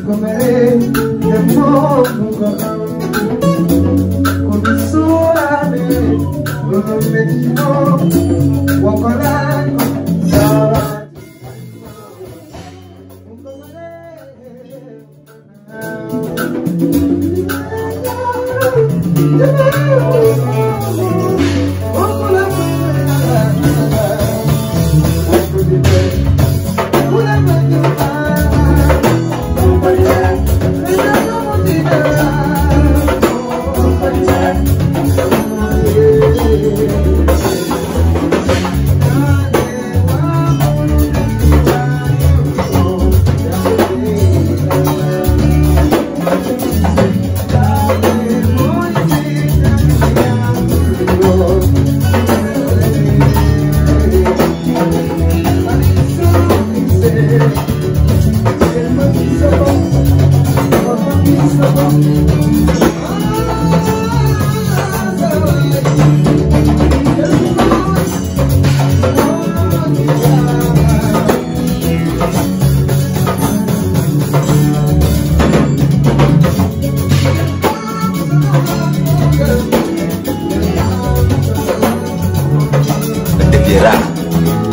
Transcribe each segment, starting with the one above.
ko mere yammo ko ko surade ko metino wa qala sara Thank you.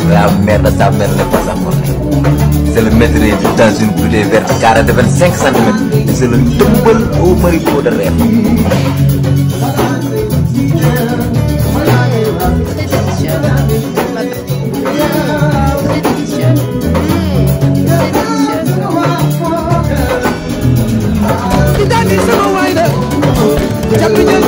la merde, a mère n'est pas à moi. c'est le médré dans une bulle verte carrée de 25 cm. C'est le double au marigot de rêve. Jàpp